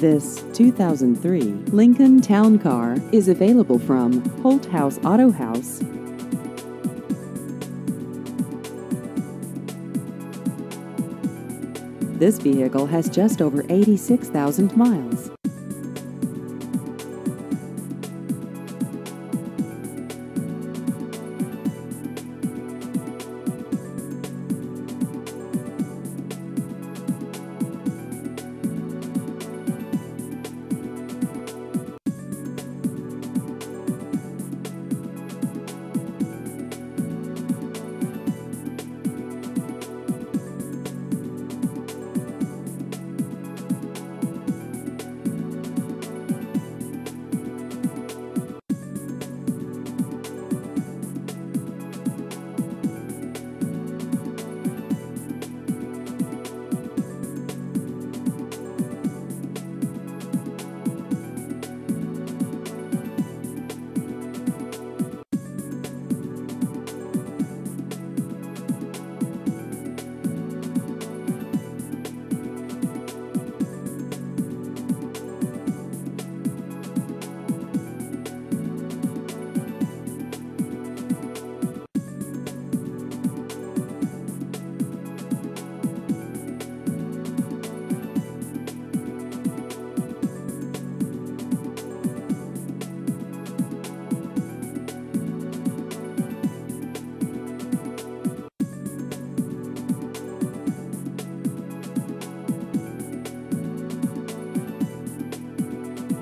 This 2003 Lincoln Town Car is available from Holt House Auto House. This vehicle has just over 86,000 miles.